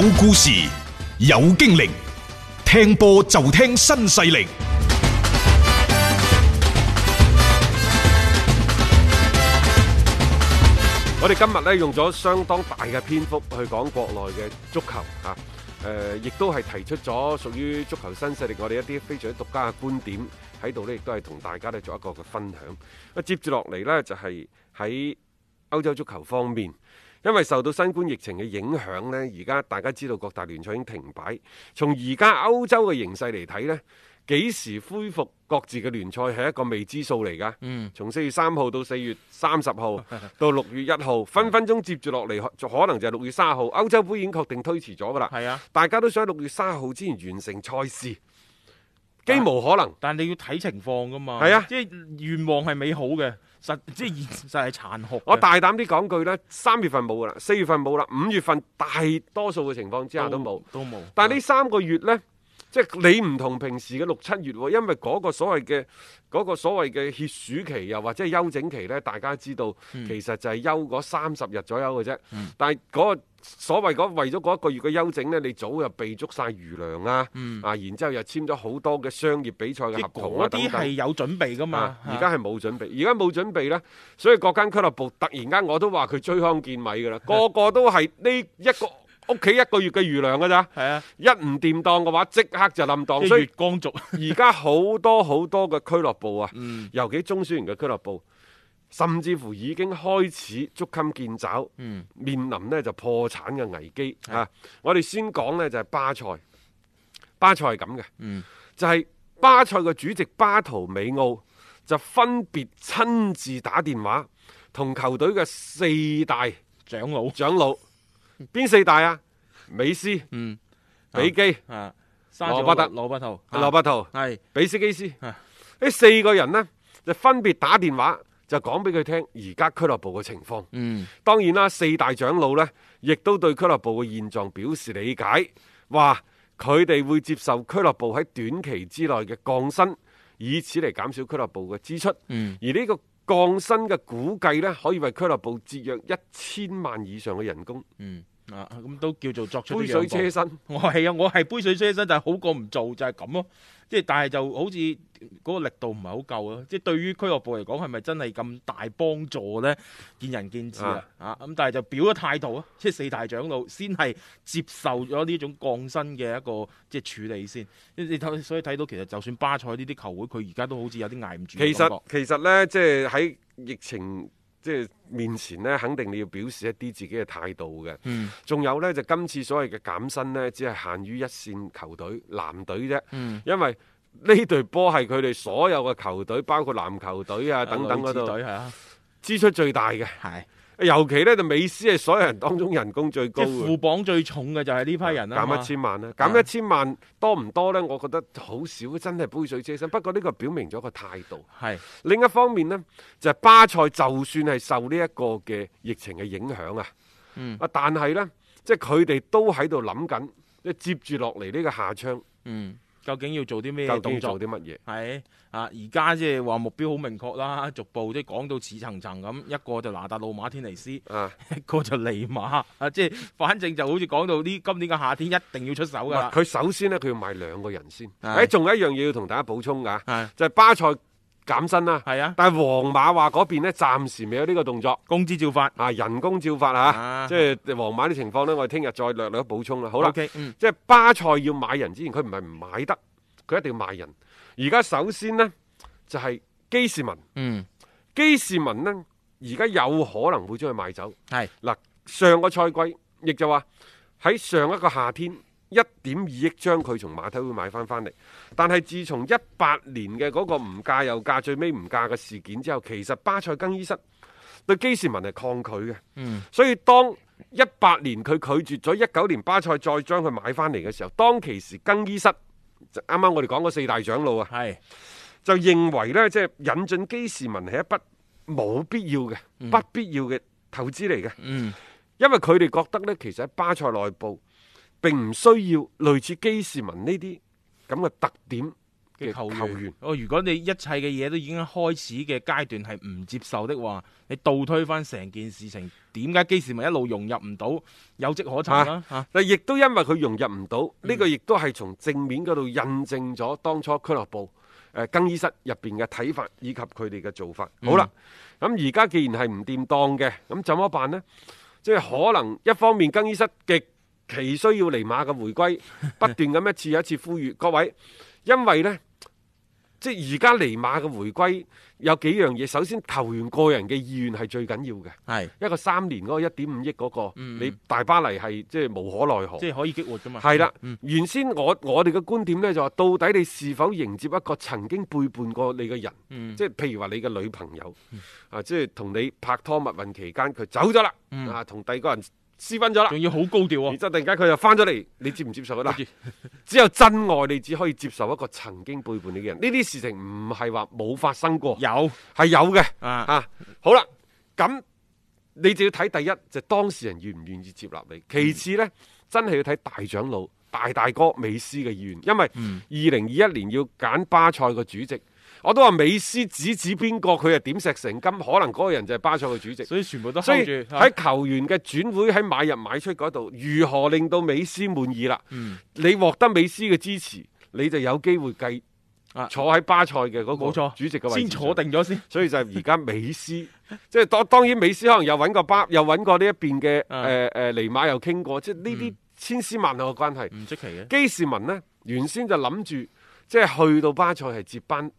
有故事，有經歷，聽波就聽新勢力。我哋今日咧用咗相當大嘅篇幅去講國內嘅足球啊，誒，亦都係提出咗屬於足球新勢力我哋一啲非常獨家嘅觀點喺度咧，亦都係同大家咧做一個嘅分享。啊，接住落嚟咧就係喺歐洲足球方面。因為受到新冠疫情嘅影響呢，而家大家知道各大聯賽已經停擺。從而家歐洲嘅形勢嚟睇呢，幾時恢復各自嘅聯賽係一個未知數嚟噶。嗯，從四月三號到四月三十號，到六月一號，分分鐘接住落嚟，可能就係六月三十號，歐洲盃已經確定推遲咗噶啦。大家都想六月三十號之前完成賽事。幾無可能，啊、但係你要睇情況噶嘛。係啊，即係願望係美好嘅，實即係現實係殘酷。我大膽啲講句啦，三月份冇啦，四月份冇啦，五月份大多數嘅情況之下都冇，都冇。但係呢三個月咧。嗯嗯即係你唔同平時嘅六七月、哦，因為嗰個所謂嘅嗰個所謂嘅歇暑期又或者係休整期呢，大家知道其實就係休嗰三十日左右嘅啫。嗯、但係嗰個所謂嗰為咗嗰一個月嘅休整呢，你早就備足晒餘糧啊！嗯、啊，然之後又簽咗好多嘅商業比賽嘅合同啊等等。啲嗰係有準備㗎嘛？而家係冇準備，而家冇準備呢。所以各間俱樂部突然間我都話佢追康健米㗎啦，個個都係呢一個。屋企一個月嘅餘糧㗎咋？係啊！一唔掂當，嘅話，即刻就冧當。啲月光族而家好多好多嘅俱樂部啊，嗯、尤其中小型嘅俱樂部，甚至乎已經開始捉襟見肘，嗯、面臨呢就破產嘅危機嚇、啊啊。我哋先講呢，就係、是、巴塞，巴塞係咁嘅，嗯，就係巴塞嘅主席巴圖美奧就分別親自打電話同球隊嘅四大長老長老。嗯邊四大啊？美斯、嗯，比基啊，羅、啊、伯特、羅、啊、伯圖、羅伯圖係，比斯基斯。呢、啊、四個人呢，就分別打電話就講俾佢聽而家俱樂部嘅情況。嗯，當然啦，四大長老呢，亦都對俱樂部嘅現狀表示理解，話佢哋會接受俱樂部喺短期之內嘅降薪，以此嚟減少俱樂部嘅支出。嗯，而呢、這個。降薪嘅估計呢，可以為俱樂部節約一千萬以上嘅人工。嗯啊咁都叫做作出杯水車薪。我係啊，我係杯水車薪，但係好過唔做就係咁咯。即係但係就好似嗰個力度唔係好夠咯。即係對於俱樂部嚟講，係咪真係咁大幫助咧？見仁見智啦、啊啊。啊咁，但係就表咗態度啊。即係四大長老先係接受咗呢種降薪嘅一個即係處理先。你所以睇到其實就算巴塞呢啲球會，佢而家都好似有啲捱唔住其。其實其實咧，即係喺疫情。即係面前咧，肯定你要表示一啲自己嘅態度嘅。仲、嗯、有呢，就今次所謂嘅減薪呢，只係限於一線球隊、男隊啫。嗯、因為呢隊波係佢哋所有嘅球隊，包括籃球隊啊等等、哦、啊支出最大嘅。係。尤其呢，就美斯係所有人當中人工最高，即係負榜最重嘅就係呢批人啦。減一千萬咧，減一千萬多唔多呢？我覺得好少，真係杯水車薪。不過呢個表明咗個態度。係。是另一方面呢，就係、是、巴塞就算係受呢一個嘅疫情嘅影響啊，啊、嗯，但係呢，即係佢哋都喺度諗緊，即接住落嚟呢個下窗。嗯。究竟要做啲咩動作？做啲乜嘢？係啊，而家即係話目標好明確啦，逐步即係講到似層層咁，一個就拿達魯馬天尼斯，啊，一個就尼馬啊，即係反正就好似講到啲今年嘅夏天一定要出手噶佢、啊、首先咧，佢要賣兩個人先。誒是，仲、欸、有一樣嘢要同大家補充噶，是就係巴塞。減薪啦，係啊，但係皇馬話嗰邊咧，暫時未有呢個動作，工資照發啊，人工照發嚇，即係皇馬啲情況咧，我哋聽日再略略補充啦，好啦，okay, 嗯、即係巴塞要買人之前，佢唔係唔買得，佢一定要賣人。而家首先呢，就係、是、基士文，嗯、基士文呢，而家有可能會將佢賣走。係嗱是，上個賽季亦就話喺上一個夏天。一點二億將佢從馬體會買翻翻嚟，但係自從一八年嘅嗰個唔價又價最尾唔價嘅事件之後，其實巴塞更衣室對基士文係抗拒嘅。嗯，所以當一八年佢拒絕咗一九年巴塞再將佢買翻嚟嘅時候，當其時更衣室啱啱我哋講嗰四大長老啊，係是就認為呢，即、就、係、是、引進基士文係一筆冇必要嘅、嗯、不必要嘅投資嚟嘅。嗯，因為佢哋覺得呢，其實喺巴塞內部。並唔需要類似基士文呢啲咁嘅特點嘅球、球員。哦，如果你一切嘅嘢都已經開始嘅階段係唔接受的話，你倒推翻成件事情，點解基士文一路融入唔到，有跡可查，亦、啊啊、都因為佢融入唔到，呢、嗯、個亦都係從正面嗰度印證咗當初俱樂部誒、呃、更衣室入邊嘅睇法以及佢哋嘅做法。嗯、好啦，咁而家既然係唔掂當嘅，咁怎麼辦呢？即、就、係、是、可能一方面更衣室嘅。其需要尼瑪嘅回歸，不斷咁一次一次呼籲各位，因為呢，即係而家尼瑪嘅回歸，有幾樣嘢。首先，球員個人嘅意願係最緊要嘅。係是一個三年嗰個一點五億嗰個，嗯、你大巴黎係即係無可奈何。即係可以激活㗎嘛？係啦的。嗯、原先我我哋嘅觀點咧就話到底你是否迎接一個曾經背叛過你嘅人？嗯、即係譬如話你嘅女朋友啊，嗯、即係同你拍拖蜜運期間佢走咗啦啊，同第二個人。私分咗啦，仲要好高調喎、啊！然之後突然間佢又翻咗嚟，你接唔接受佢啦？ 只有真愛你只可以接受一個曾經背叛你嘅人，呢啲事情唔係話冇發生過，有係有嘅啊，啊！好啦，咁你就要睇第一就係、當事人願唔願意接納你，其次呢，嗯、真係要睇大長老、大大哥、美斯嘅意願，因為二零二一年要揀巴塞個主席。嗯嗯我都話美斯指指邊個，佢係點石成金。可能嗰個人就係巴塞嘅主席，所以全部都 hold 住。喺球員嘅轉會，喺買入買出嗰度，如何令到美斯滿意啦？嗯、你獲得美斯嘅支持，你就有機會計坐喺巴塞嘅嗰個主席嘅位置、啊、先坐定咗先。所以就係而家美斯，即係當當然美斯可能又揾過巴，又揾過呢一邊嘅誒誒尼馬，又傾過，嗯、即係呢啲千絲萬縷嘅關係。唔出、嗯、奇嘅。基士文呢，原先就諗住即係去到巴塞係接班。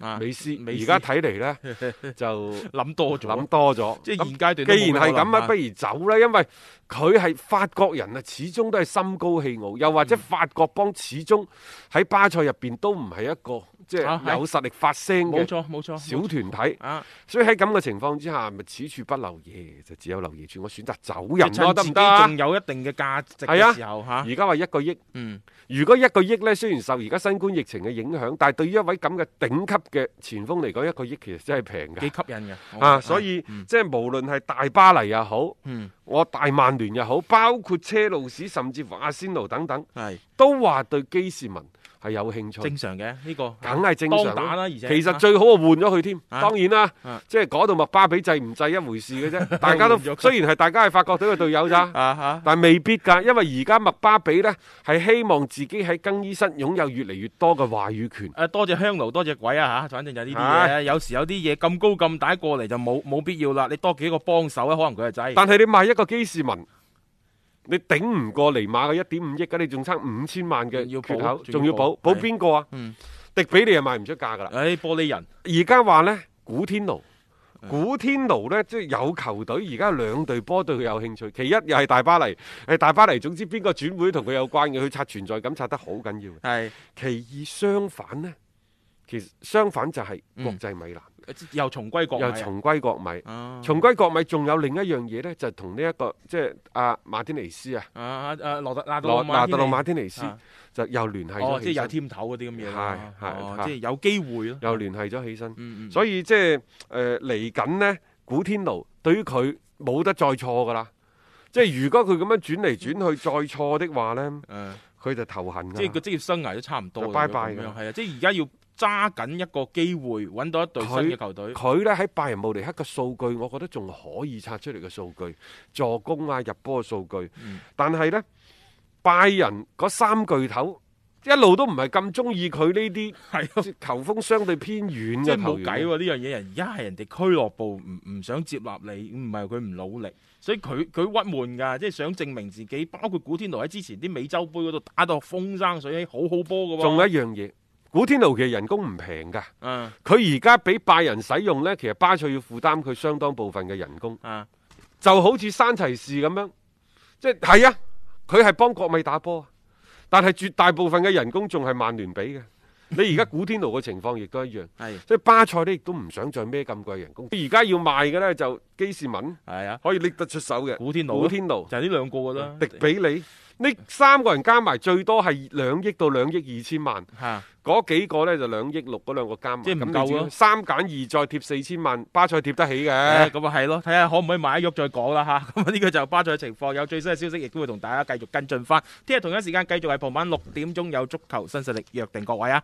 啊，美斯，而家睇嚟咧就諗多咗，諗多咗。即係現階段，既然係咁啊，不如走啦。因為佢係法國人啊，始終都係心高氣傲，又或者法國幫始終喺巴塞入邊都唔係一個即係有實力發聲嘅，冇錯冇錯，小團體。啊，所以喺咁嘅情況之下，咪此處不留爺，就只有留爺處。我選擇走人咯，得唔得啊？仲有一定嘅價值。係啊，而家話一個億，嗯，如果一個億咧，雖然受而家新冠疫情嘅影響，但係對於一位咁嘅頂級。嘅前鋒嚟講，一個億其實真係平㗎，幾吸引㗎嚇、啊，所以、嗯、即係無論係大巴黎也好，嗯、我大曼聯也好，包括車路士甚至乎阿仙奴等等，係是都話對基斯文。係有興趣，正常嘅呢個梗係正常。其實最好啊換咗佢添。當然啦，即係嗰度麥巴比制唔制一回事嘅啫。大家都雖然係大家係法國隊嘅隊友咋，但係未必㗎，因為而家麥巴比咧係希望自己喺更衣室擁有越嚟越多嘅話語權。誒，多隻香爐多隻鬼啊嚇！反正就呢啲嘢，有時有啲嘢咁高咁大過嚟就冇冇必要啦。你多幾個幫手咧，可能佢就制。但係你賣一個基士文。你頂唔過尼馬嘅一點五億嘅，你仲差五千萬嘅缺口，仲要補，補邊個啊？嗯，迪比利又賣唔出價噶啦。唉，玻璃人而家話呢，古天奴，古天奴呢，即係有球隊，而家兩隊波對佢有興趣，其一又係大巴黎，係 大巴黎，總之邊個轉會同佢有關嘅，佢刷存在感刷得好緊要。係，其二相反呢。其實相反就係國際米蘭，又重歸國，又重歸國米，重歸國米。仲有另一樣嘢咧，就同呢一個即係阿馬天尼斯啊，阿阿羅特羅羅特羅馬天尼斯就又聯繫咗，即係有添頭嗰啲咁嘢咯，係係，即係有機會咯，又聯繫咗起身，所以即係誒嚟緊呢，古天奴對於佢冇得再錯噶啦，即係如果佢咁樣轉嚟轉去再錯的話咧，佢就頭痕嘅，即係個職業生涯都差唔多，拜拜係啊，即係而家要。揸緊一個機會，揾到一隊新嘅球隊。佢咧喺拜仁慕尼黑嘅數據，我覺得仲可以拆出嚟嘅數據，助攻啊入波嘅數據。嗯，但係咧拜仁嗰三巨頭一路都唔係咁中意佢呢啲球風相對偏遠嘅球員。即係冇計喎，呢樣嘢人而家係人哋俱樂部唔唔想接納你，唔係佢唔努力，所以佢佢鬱悶噶，即係想證明自己。包括古天奴喺之前啲美洲杯嗰度打到風生水起，好好波噶。仲有一樣嘢。古天奴其實人工唔平噶，佢而家俾拜仁使用咧，其實巴塞要負擔佢相當部分嘅人工，嗯、就好似山齊士咁樣，即係係啊，佢係幫國米打波啊，但係絕大部分嘅人工仲係曼聯俾嘅，嗯、你而家古天奴嘅情況亦都一樣，啊、所以巴塞咧亦都唔想再孭咁貴人工，而家要賣嘅咧就基沙文，係啊，可以拎得出手嘅古天奴，古天奴，古天奴就呢兩個噶啦，迪比利，呢三個人加埋最多係兩億到兩億二千萬，嗰幾個呢就兩億六嗰兩個加埋，三揀二再貼四千萬，巴塞貼得起嘅，咁啊係咯，睇下可唔可以買一喐再講啦嚇，咁呢個就巴塞嘅情況，有最新嘅消息亦都會同大家繼續跟進翻，聽日同一時間繼續係傍晚六點鐘有足球新勢力，約定各位啊。